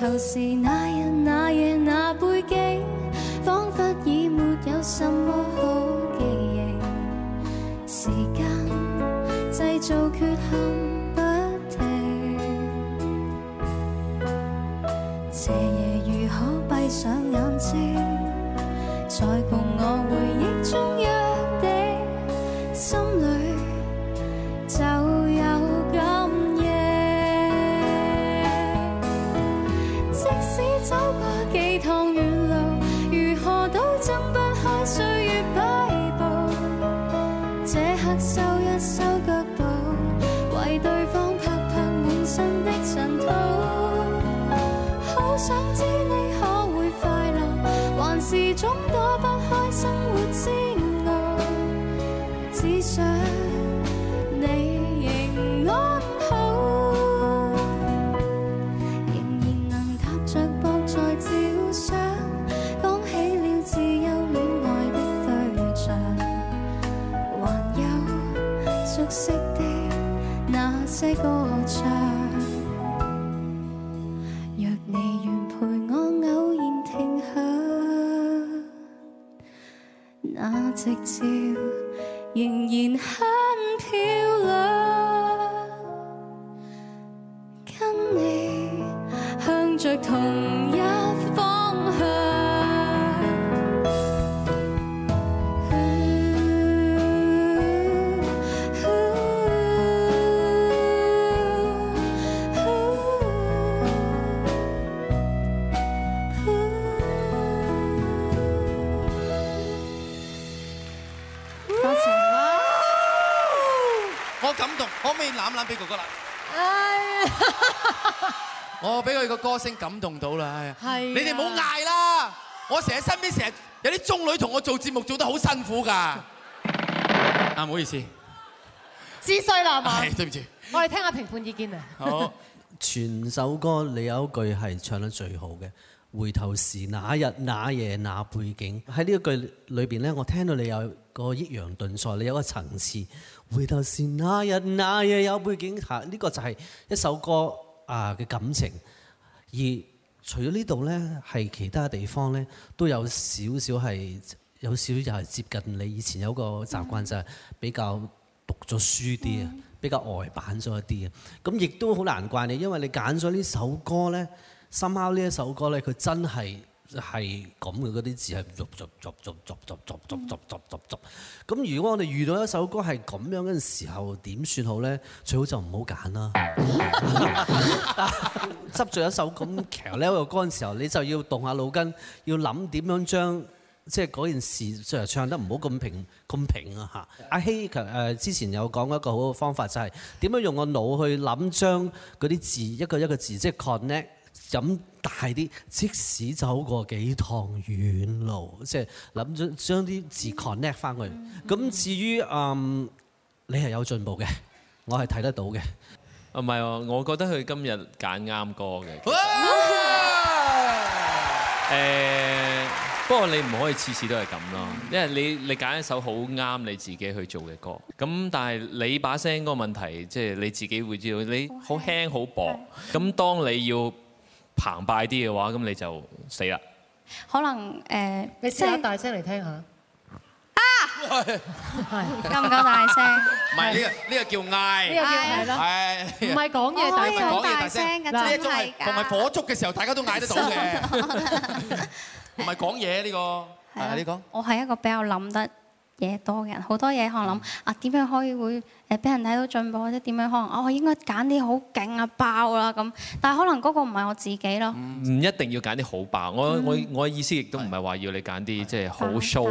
舊時那日那夜那背景，仿佛已沒有什麼好記憶。時間製造缺陷不停，這夜如何閉上眼睛，再共我回。夕照，仍然感動，可唔可以攬攬俾哥哥啦？我俾佢個歌聲感動到啦！哎呀，你哋唔好嗌啦！我成日身邊成日有啲中女同我做節目，做得好辛苦㗎。啊，唔好意思，撕碎啦嘛！對唔住，我哋聽下評判意見啊。好，全首歌你有一句係唱得最好嘅，回頭時那日那夜那背景，喺呢一句裏邊咧，我聽到你有。個抑揚頓挫，你有個層次。回頭是那日那夜，有背景嚇，呢個就係一首歌啊嘅感情。而除咗呢度咧，係其他地方咧都有少少係，有少少係接近你以前有個習慣就係比較讀咗書啲啊，嗯、比較呆板咗一啲啊。咁亦都好難怪你，因為你揀咗呢首歌咧，深凹呢一首歌咧，佢真係～係咁嘅，嗰啲字係逐逐逐逐逐逐逐逐逐逐逐逐咁。嗯、如果我哋遇到一首歌係咁樣嘅時候，點算好呢？最好就唔好揀啦。執住 一首咁強烈嘅歌嘅時候，你就要動下腦筋，要諗點樣將即係嗰件事誒唱得唔好咁平咁平啊！哈、嗯！阿希其實、呃、之前有講一個好嘅方法，就係、是、點樣用個腦去諗將嗰啲字一個一個字即係、就是、connect。飲大啲，即使走過幾趟遠路，即係諗住將啲字 connect 翻去。咁至於誒，你係有進步嘅，我係睇得到嘅。唔係，我覺得佢今日揀啱歌嘅。誒，不過你唔可以次次都係咁咯，因為你你揀一首好啱你自己去做嘅歌。咁但係你把聲嗰個問題，即係你自己會知道，你好輕好薄。咁當你要澎湃啲嘅話，咁你就死啦。可能誒，你聲大聲嚟聽下。啊！夠唔夠大聲？唔係呢個呢個叫嗌，嗌係咯。唔係講嘢，大家講嘢大聲緊。嗱，同埋火燭嘅時候，大家都嗌得到嘅。唔係講嘢呢個，係呢個。我係一個比較諗得嘢多嘅人，好多嘢我諗啊，點樣可以會？誒，俾人睇到進步或者點樣可能，我應該揀啲好勁啊爆啦咁，但係可能嗰個唔係我自己咯。唔一定要揀啲好爆，我我我意思亦都唔係話要你揀啲即係好 show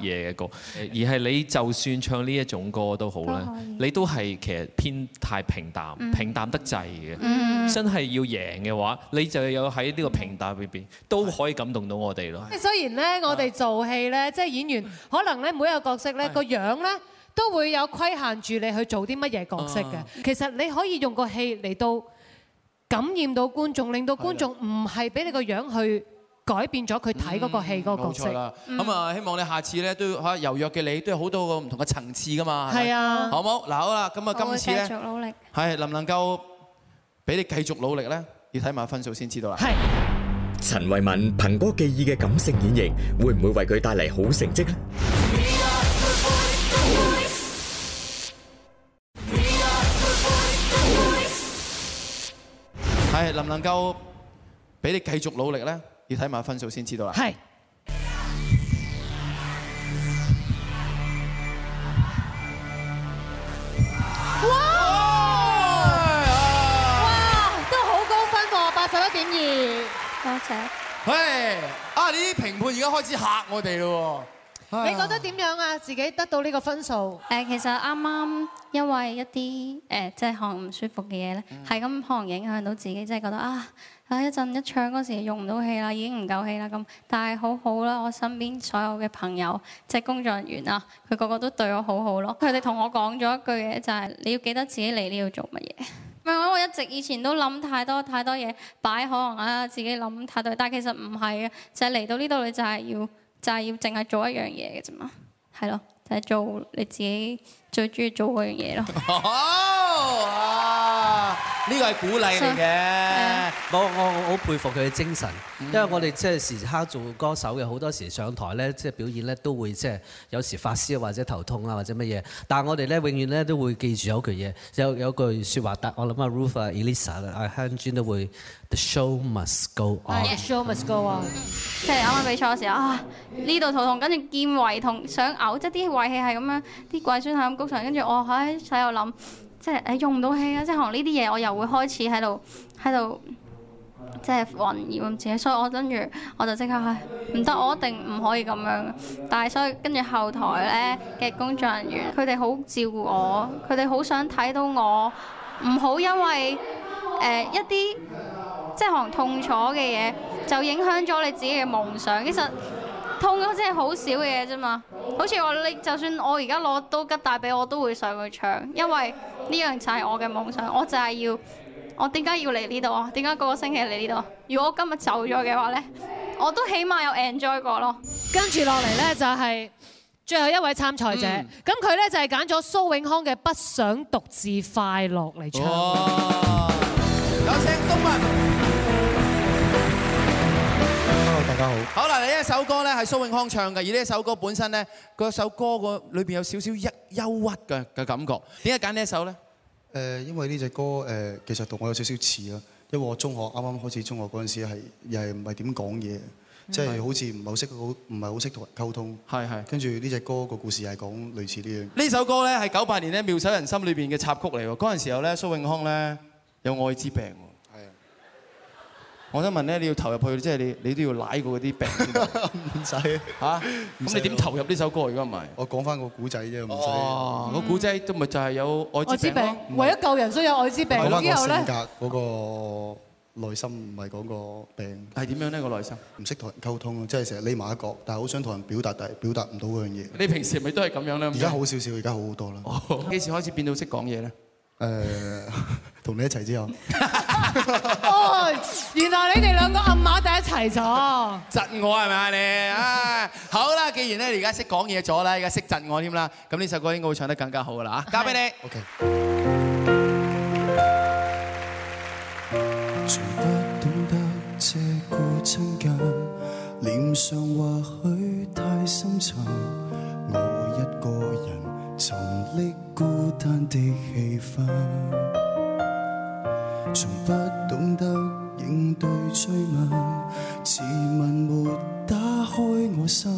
嘢嘅歌，而係你就算唱呢一種歌都好啦，也可你都係其實偏太平淡，平淡得滯嘅。真係要贏嘅話，你就有喺呢個平淡入邊都可以感動到我哋咯。即係雖然咧，我哋做戲咧，即係演員，可能咧每一個角色咧個樣咧。都會有規限住你去做啲乜嘢角色嘅，其實你可以用個戲嚟到感染到觀眾，令到觀眾唔係俾你個樣去改變咗佢睇嗰個戲嗰個角色啦。咁啊，希望你下次咧都嚇《柔弱嘅你》都有好多個唔同嘅層次㗎嘛。係啊，好冇嗱，好啦，咁啊今次咧繼續努力，係能唔能夠俾你繼續努力咧？要睇埋分數先知道啦。係，陳慧敏憑歌寄意嘅感性演繹，會唔會為佢帶嚟好成績咧？係能唔能夠俾你繼續努力咧？要睇埋分數先知道啦。係。哇！哇！都好高分喎，八十一點二，多謝。係啊！呢啲評判而家開始嚇我哋咯喎。你覺得點樣啊？自己得到呢個分數？誒，其實啱啱因為一啲誒，即係可能唔舒服嘅嘢咧，係咁、嗯、可能影響到自己，即係覺得啊啊一陣一唱嗰時候用唔到氣啦，已經唔夠氣啦咁。但係好好啦，我身邊所有嘅朋友，即係工作人員啊，佢個個都對我好好咯。佢哋同我講咗一句嘢，就係你要記得自己嚟呢度做乜嘢。唔係，我一直以前都諗太多太多嘢，擺可能啊自己諗太多，但係其實唔係啊，就係嚟到呢度，你就係要。就係要淨係做一樣嘢嘅啫嘛，係咯，就係做你自己最中意做嗰樣嘢咯。呢個係鼓勵嚟嘅、啊啊，我我我好佩服佢嘅精神，因為我哋即係時刻做歌手嘅，好多時上台咧即係表演咧都會即係、就是、有時發燒或者頭痛啊或者乜嘢，但係我哋咧永遠咧都會記住有句嘢，有有句説話，但我諗啊 Rufa Elisa 啦、阿 Hans 都會，the show must go on，the、uh, yeah. show must go on，即係啱啱比賽嘅時候啊，呢度頭痛，跟住見胃痛，想嘔，即係啲胃氣係咁樣，啲胃酸係咁谷上，跟住我喺使我諗。哦哎即係誒用唔到氣啊！即係可能呢啲嘢，我又會開始喺度喺度即係混業咁自己，所以我跟住我就即刻去唔得，我一定唔可以咁樣。但係所以跟住後台咧嘅工作人員，佢哋好照顧我，佢哋好想睇到我唔好因為誒、呃、一啲即係可能痛楚嘅嘢，就影響咗你自己嘅夢想。其實。痛咗即係好少嘅嘢啫嘛，好似我你就算我而家攞到吉大俾我都會上去唱，因為呢樣就係我嘅夢想。我就係要，我點解要嚟呢度啊？點解個個星期嚟呢度？如果我今日走咗嘅話呢，我都起碼有 enjoy 過咯。跟住落嚟呢，就係最後一位參賽者，咁佢呢，就係揀咗蘇永康嘅《不想獨自快樂》嚟唱。有請東閔。大家好，好啦，呢一首歌咧，係蘇永康唱嘅，而呢一首歌本身咧，嗰首歌個裏邊有少少一憂鬱嘅嘅感覺。點解揀呢一首咧？誒，因為呢隻歌誒，其實同我有少少似啊，因為我中學啱啱開始中學嗰陣時係又係唔係點講嘢，即係好似唔係好識好唔係好識同人溝通。係係。跟住呢隻歌個故事係講類似呢樣。呢首歌咧，係九八年咧《妙手仁心》裏邊嘅插曲嚟，嗰陣時候咧，蘇永康咧有愛滋病。我想問咧，你要投入去，即係你，你都要拉過嗰啲病先得，唔使嚇。咁你點投入呢首歌？如果唔係，我講翻個古仔啫，唔使。哇！個古仔都咪就係有愛滋病咯。為咗救人，所以有愛滋病。講翻個性格，嗰個內心唔係講個病係點樣咧？個內心唔識同人溝通咯，即係成日匿埋一角，但係好想同人表達，但係表達唔到嗰樣嘢。你平時咪都係咁樣咧？而家好少少，而家好好多啦。幾時開始變到識講嘢咧？誒，同你一齊之後。哦，原來你哋兩個暗馬第一齊咗。窒我係咪啊？你啊，好啦，既然咧你而家識講嘢咗啦，而家識窒我添啦，咁呢首歌應該會唱得更加好噶啦啊！交俾你。孤單的氣氛，從不懂得應對追問，自問沒打開我心，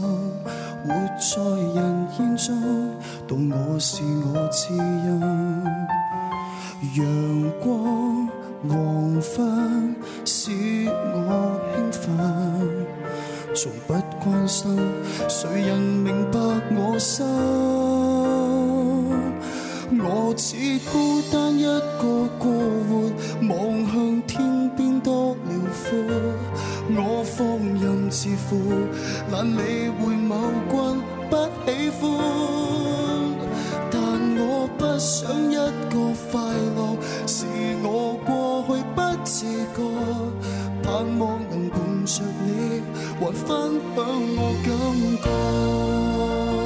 活在人煙中，懂我是我知音。陽光黃、黃昏使我興奮，從不關心誰人明白我心。我似孤單一個過活，望向天邊多遼闊，我放任自負，懶理會某君不喜歡。但我不想一個快樂，是我過去不自覺，盼望能伴着你，還分享我感覺。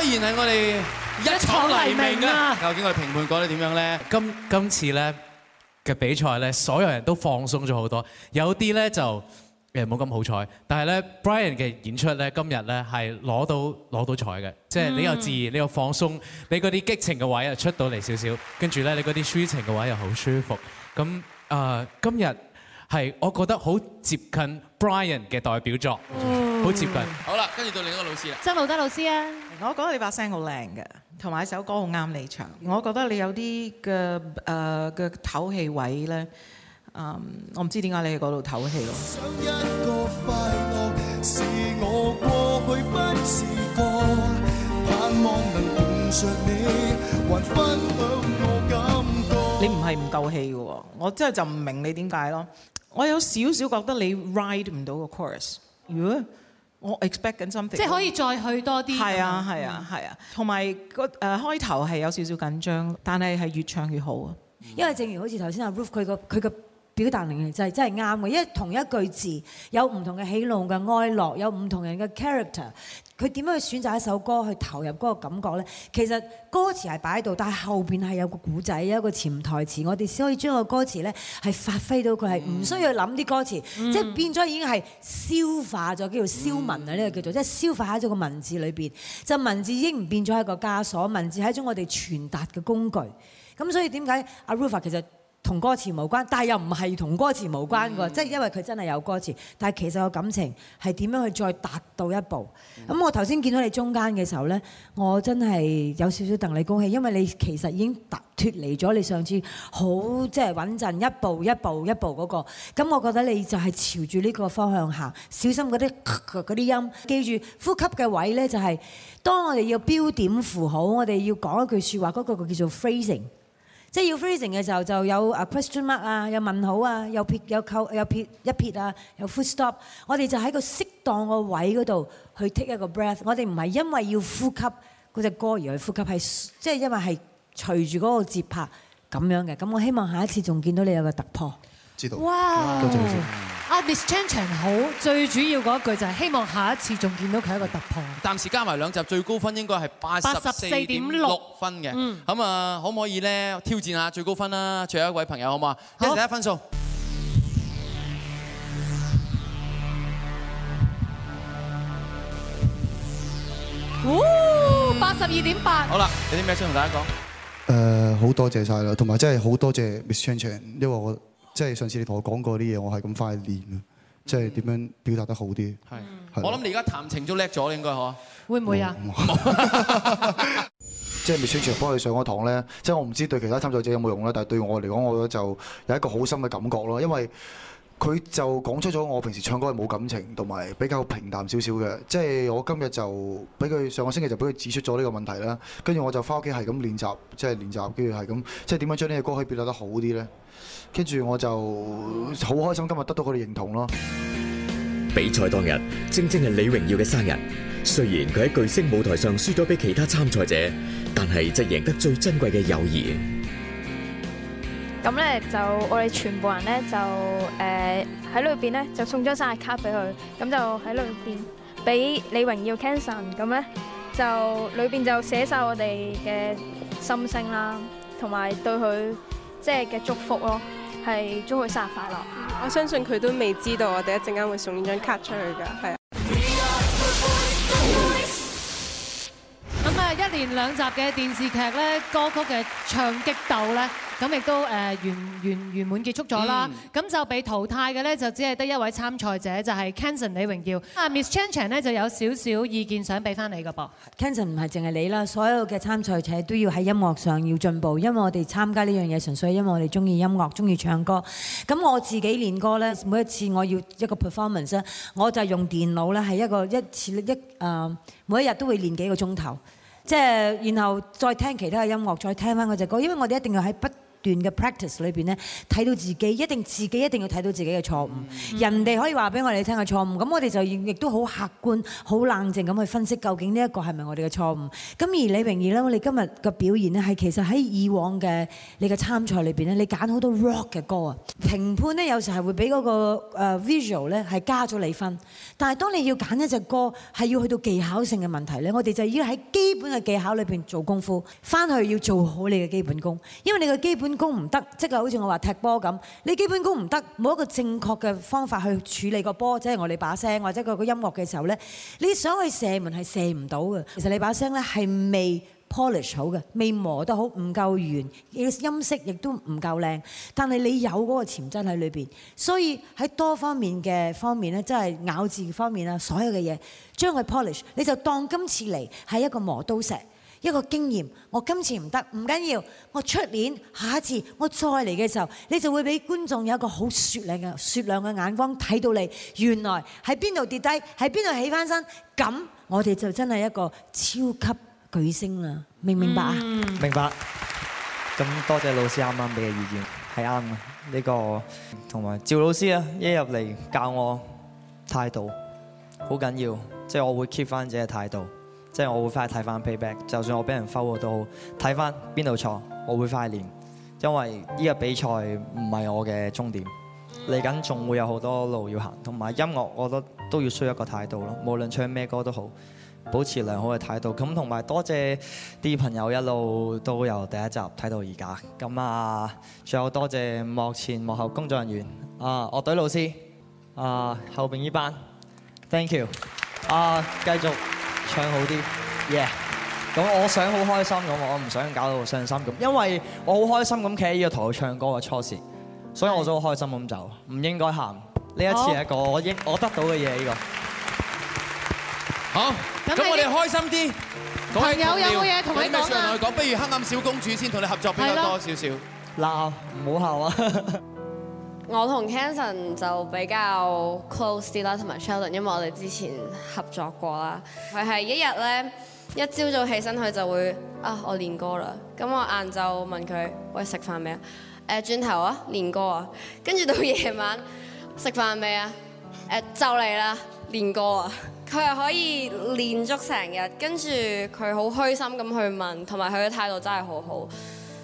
當然係我哋一廠黎明啊！究竟我哋評判覺得點樣咧？今今次咧嘅比賽咧，所有人都放鬆咗好多，有啲咧就誒冇咁好彩，但係咧 Brian 嘅演出咧，今日咧係攞到攞到彩嘅，即係你又自然，你又放鬆，你嗰啲激情嘅位又出到嚟少少，跟住咧你嗰啲抒情嘅位又好舒服。咁啊，今日係我覺得好接近 Brian 嘅代表作，好接近。好啦，跟住到另一個老師啦，曾路德老師啊！我覺得你把聲好靚嘅，同埋首歌好啱你唱。我覺得你有啲嘅誒嘅唞氣位咧，嗯，我唔知點解你喺嗰度唞氣咯。想一個快樂，是我過去不自覺，盼望能伴着你，還分享我感覺。你唔係唔夠氣嘅喎，我真係就唔明你點解咯。我有少少覺得你 ride 唔到個 chorus。如果我 expect 緊，something，即係可以再去多啲。係啊，係啊，係啊。同埋個誒開頭係有少少緊張，但係係越唱越好啊。是因為正如好似頭先阿 Ruth 佢個佢嘅表達能力就係真係啱嘅，因為同一句字有唔同嘅喜怒嘅哀樂，有唔同人嘅 character。佢點樣去選擇一首歌去投入嗰個感覺咧？其實歌詞係擺喺度，但係後邊係有個古仔，有一個潛台詞，我哋先可以將個歌詞咧係發揮到佢，係唔需要諗啲歌詞，嗯、即係變咗已經係消化咗，叫做消文啊，呢個叫做即係消化喺咗個文字裏邊，就文字已經唔變咗係一個枷鎖，文字係一種我哋傳達嘅工具。咁所以點解阿 Rufa 其實？同歌詞無關，但係又唔係同歌詞無關喎，即係因為佢真係有歌詞，但係其實個感情係點樣去再達到一步。咁我頭先見到你中間嘅時候呢，我真係有少少戥你恭喜，因為你其實已經突脱離咗你上次好即係穩陣一步一步一步嗰個。咁我覺得你就係朝住呢個方向行，小心嗰啲啲音，記住呼吸嘅位呢，就係當我哋要標點符號，我哋要講一句説話嗰、嗰個叫叫做 phrasing。即係要 freezing 嘅時候，就有啊 question mark 啊，有問號啊，有撇有扣有撇一撇啊，有 full stop。有有有有有，我哋就喺個適當個位嗰度去 take 一個 breath。我哋唔係因為要呼吸嗰隻歌而去呼吸，係即係因為係隨住嗰個節拍咁樣嘅。咁我希望下一次仲見到你有個突破。知道。哇！多謝多謝。啊 Miss Chan Chan, 好，最主要嗰句就係希望下一次仲見到佢一個突破。暫時加埋兩集最高分應該係八十四點六分嘅。嗯。咁啊，可唔可以咧挑戰下最高分啦？最後一位朋友好唔好啊吧？第一,一分數。哇、哦！八十二點八。好啦，有啲咩想同大家講？誒、uh，好多謝晒啦，同埋真係好多謝 Miss Chan Chan, 因為我。即係上次你同我講過啲嘢，我係咁快練啊！嗯、即係點樣表達得好啲？係的。的我諗你而家談情都叻咗，應該嗬？會唔會啊？即係咪宣傳幫佢上嗰堂咧？即係我唔知對其他參賽者有冇用啦，但係對我嚟講，我覺得就有一個好深嘅感覺咯，因為。佢就講出咗我平時唱歌係冇感情，同埋比較平淡少少嘅。即係我今日就俾佢上個星期就俾佢指出咗呢個問題啦。跟住我就翻屋企係咁練習，即係練習，跟住係咁，即係點樣將呢個歌可以表達得好啲呢？跟住我就好開心，今日得到佢哋認同咯。比賽當日，正正係李榮耀嘅生日。雖然佢喺巨聲舞台上輸咗俾其他參賽者，但係就贏得最珍貴嘅友誼。咁咧就我哋全部人咧就誒喺裏邊咧就送張生日卡俾佢，咁就喺裏邊俾李榮耀、Kenson，咁咧就裏邊就寫晒我哋嘅心聲啦，同埋對佢即係嘅祝福咯，係祝佢生日快樂。我相信佢都未知道我哋一陣間會送呢張卡出去噶，係啊。咁啊，一連兩集嘅電視劇咧，歌曲嘅唱激鬥咧。咁亦都誒完完完滿結束咗啦，咁就、嗯、被淘汰嘅咧就只係得一位參賽者，嗯、就係 Kenson 李榮耀。啊，Miss Chan Chan 咧就有少少意見想俾翻你嘅噃。Kenson 唔係淨係你啦，所有嘅參賽者都要喺音樂上要進步，因為我哋參加呢樣嘢純粹因為我哋中意音樂，中意唱歌。咁我自己練歌咧，每一次我要一個 performance，我就係用電腦咧，係一個一次一誒，每一日都會練幾個鐘頭，即、就、係、是、然後再聽其他嘅音樂，再聽翻嗰隻歌，因為我哋一定要喺不嘅 practice 裏邊咧，睇到自己一定自己一定要睇到自己嘅錯誤，人哋可以話俾我哋聽嘅錯誤，咁我哋就亦都好客觀好冷靜咁去分析，究竟呢一個係咪我哋嘅錯誤？咁而李榮耀咧，我哋今日嘅表現咧，係其實喺以往嘅你嘅參賽裏邊咧，你揀好多 rock 嘅歌啊。評判咧有時係會俾個誒 visual 咧係加咗你分，但係當你要揀一隻歌係要去到技巧性嘅問題咧，我哋就要喺基本嘅技巧裏邊做功夫，翻去要做好你嘅基本功，因為你嘅基本。基本功唔得，即係好似我話踢波咁，你基本功唔得，冇一個正確嘅方法去處理個波，即係我哋把聲，或者個個音樂嘅時候呢。你想去射門係射唔到嘅。其實你把聲呢係未 polish 好嘅，未磨得好，唔夠圓，嘅音色亦都唔夠靚。但係你有嗰個潛質喺裏邊，所以喺多方面嘅方面呢，即係咬字方面啊，所有嘅嘢將佢 polish，你就當今次嚟係一個磨刀石。一個經驗，我今次唔得，唔緊要。我出年下一次，我再嚟嘅時候，你就會俾觀眾有一個好雪亮嘅雪亮嘅眼光睇到你。原來喺邊度跌低，喺邊度起翻身。咁我哋就真係一個超級巨星啦。明唔明白啊？明白。嗯，明白。咁多謝老師啱啱俾嘅意見係啱嘅。呢個同埋趙老師啊，一入嚟教我態度好緊要，即係我會 keep 翻自己態度。即係我會快睇翻 feedback 就算我俾人摟過都好，睇翻邊度錯，我會快去練。因為呢個比賽唔係我嘅終點，嚟緊仲會有好多路要行。同埋音樂，我覺得都要需要一個態度咯。無論唱咩歌都好，保持良好嘅態度。咁同埋多謝啲朋友一路都由第一集睇到而家。咁啊，最後多謝幕前幕後工作人員啊，樂隊老師啊，後邊呢班，thank you。啊，繼續。唱好啲，咁、yeah. 我想好開心咁，我唔想搞到傷心咁，因為我好開心咁企喺呢個台度唱歌嘅初時，所以我都好開心咁走。唔應該喊，呢一次係一個我應我得到嘅嘢呢個。好，咁我哋開心啲，朋友有冇嘢同你講？不如黑暗小公主先同你合作，比較多少少。嗱，唔好喊啊！我同 Kenson 就比較 close 啲啦，同埋 Sheldon，因為我哋之前合作過啦。佢係一日咧，一朝早起身佢就會啊，我練歌啦。咁我晏晝問佢：喂，食飯未啊？誒，轉頭啊，練歌啊。跟住到夜晚食飯未啊？誒，就嚟啦，練歌啊。佢係可以練足成日，跟住佢好虛心咁去問，同埋佢嘅態度真係好好，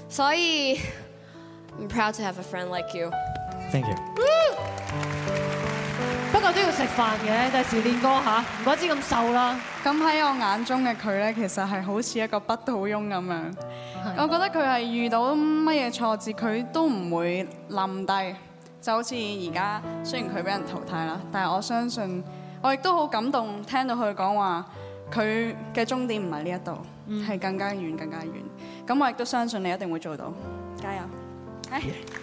所以，I'm proud to have a friend like you。thank you。不過都要食飯嘅，第時練歌嚇，唔怪知咁瘦啦。咁喺我眼中嘅佢咧，其實係好似一個不倒翁咁樣。的我覺得佢係遇到乜嘢挫折，佢都唔會冧低。就好似而家雖然佢俾人淘汰啦，但係我相信，我亦都好感動聽到佢講話，佢嘅終點唔係呢一度，係更加遠更加遠。咁我亦都相信你一定會做到，加油！Yeah.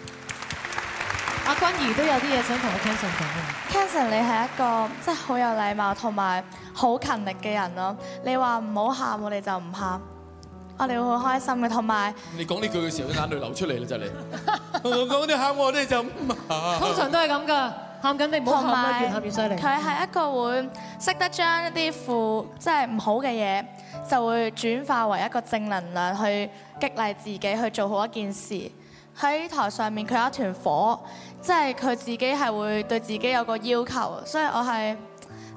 阿君怡都有啲嘢想同阿 Kenson 講 Kenson 你係一個真係好有禮貌同埋好勤力嘅人咯。你話唔好喊我哋就唔喊，我哋會好開心嘅。同埋你講呢句嘅時候，啲眼淚流出嚟啦，你你你就你講啲喊我哋就通常都係咁噶。喊緊你唔好喊啦，有越喊越犀利。佢係一個會識得將一啲負即係唔好嘅嘢，就會轉化為一個正能量去激勵自己去做好一件事。喺台上面佢有一團火，即係佢自己係會對自己有個要求，所以我係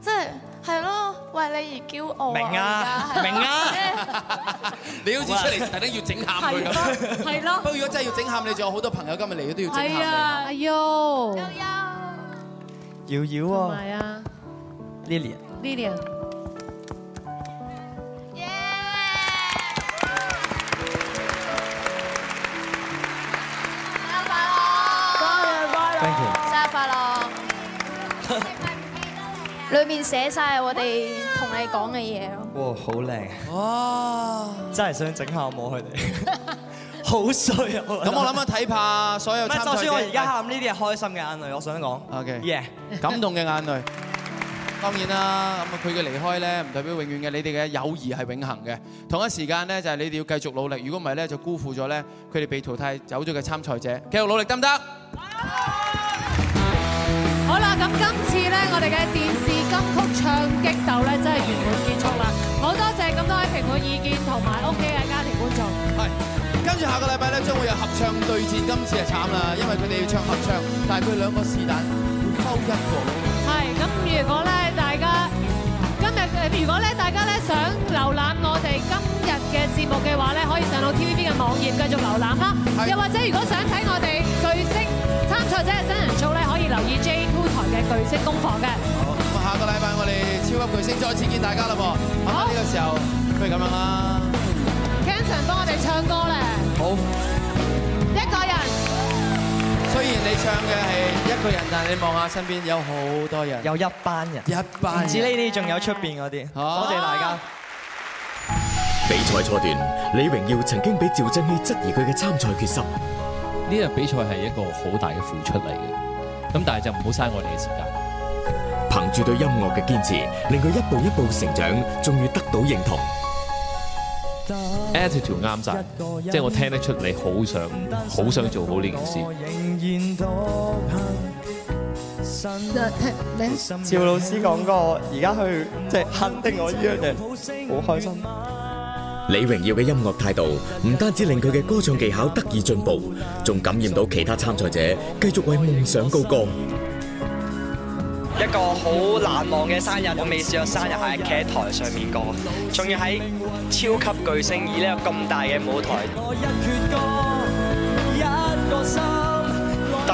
即係係咯為你而驕傲我。明啊，明啊！你好似出嚟睇得要整喊佢咁，係咯。不過如果真係要整喊，你仲有好多朋友今日嚟都要整喊你。係啊，阿 Yo，Yo，Yo，Yo 啊，Lillian，Lillian。有 ill 裏面寫晒我哋同你講嘅嘢咯，哇，好靚，哇，真係想整下我佢哋，好衰。咁我諗下睇下所有參賽者，就算我而家喊呢啲係開心嘅眼淚，我想講，OK，Yeah，感動嘅眼淚，當然啦。咁佢嘅離開咧唔代表永遠嘅，你哋嘅友誼係永恆嘅。同一時間咧就係你哋要繼續努力，如果唔係咧就辜負咗咧佢哋被淘汰走咗嘅參賽者，繼續努力得唔得？好啦，咁今次咧，我哋嘅電視金曲唱激鬥咧，真係完滿結束啦。好多謝咁多位評委意見同埋屋企嘅家庭觀眾，係。跟住下個禮拜咧，將會有合唱對戰。今次係慘啦，因為佢哋要唱合唱，但係佢兩個是但要抽一個。係，咁如果咧大家今日，如果咧大家咧想瀏覽我哋今日嘅節目嘅話咧，可以上到 TVB 嘅網頁繼續瀏覽啦。又或者如果想睇我哋巨聲。參賽者新人組咧，可以留意 J2 台嘅巨星工坊嘅。好，咁啊，下個禮拜我哋超級巨星再次見大家啦噃。好呢個時候都係咁樣啦。Kenson 幫我哋唱歌咧。好。一個人。雖然你唱嘅係一個人，但係你望下身邊有好多人，有一班人，一班人。唔止呢啲，仲有出邊嗰啲。好啊，多謝，謝大家。比賽初段，李榮耀曾經被趙增熹質疑佢嘅參賽決心。呢個比賽係一個好大嘅付出嚟嘅，咁但係就唔好嘥我哋嘅時間。憑住對音樂嘅堅持，令佢一步一步成長，終於得到認同。Attitude 啱晒，即係我聽得出你好想，好想做好呢件事。趙、嗯嗯嗯、老師講過，而家去即係、就是、肯定我呢樣嘢，好、就是、開心。李榮耀嘅音樂態度唔單止令佢嘅歌唱技巧得以進步，仲感染到其他參賽者繼續為夢想高歌。一個好難忘嘅生日，我未試過生日喺企喺台上面過，仲要喺超級巨星以呢個咁大嘅舞台。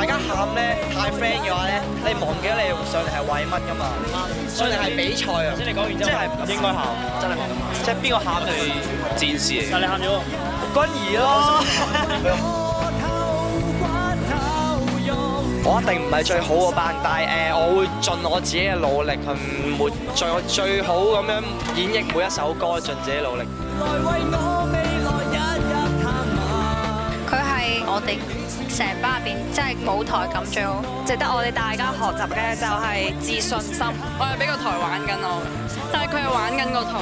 大家喊咧太 friend 嘅話咧，你忘記你上嚟係為乜㗎嘛？上嚟係比賽啊！即係唔敢笑。應該喊，真係唔敢喊。即係邊個喊嚟？戰士嚟。嗱，你喊咗。君怡咯。我一定唔係最好個班，但係誒，我會盡我自己嘅努力去，盡我最好咁樣演繹每一首歌，盡自己努力。佢係我哋。成班入邊即係舞台感最好，值得我哋大家學習嘅就係自信心。我係俾個台玩緊我，但係佢係玩緊個台。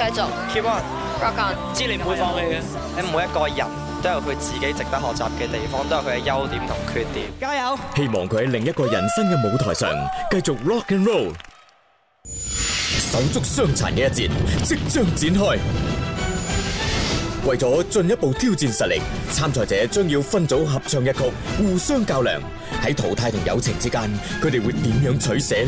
繼續，keep on rockin，on, 知你唔會放棄嘅。你吧每一個人都有佢自己值得學習嘅地方，都有佢嘅優點同缺點。加油！希望佢喺另一個人生嘅舞台上繼續 rock and roll。手足相殘嘅一節即將展開。為咗進一步挑戰實力，參賽者將要分組合唱一曲，互相較量。喺淘汰同友情之間，佢哋會點樣取捨？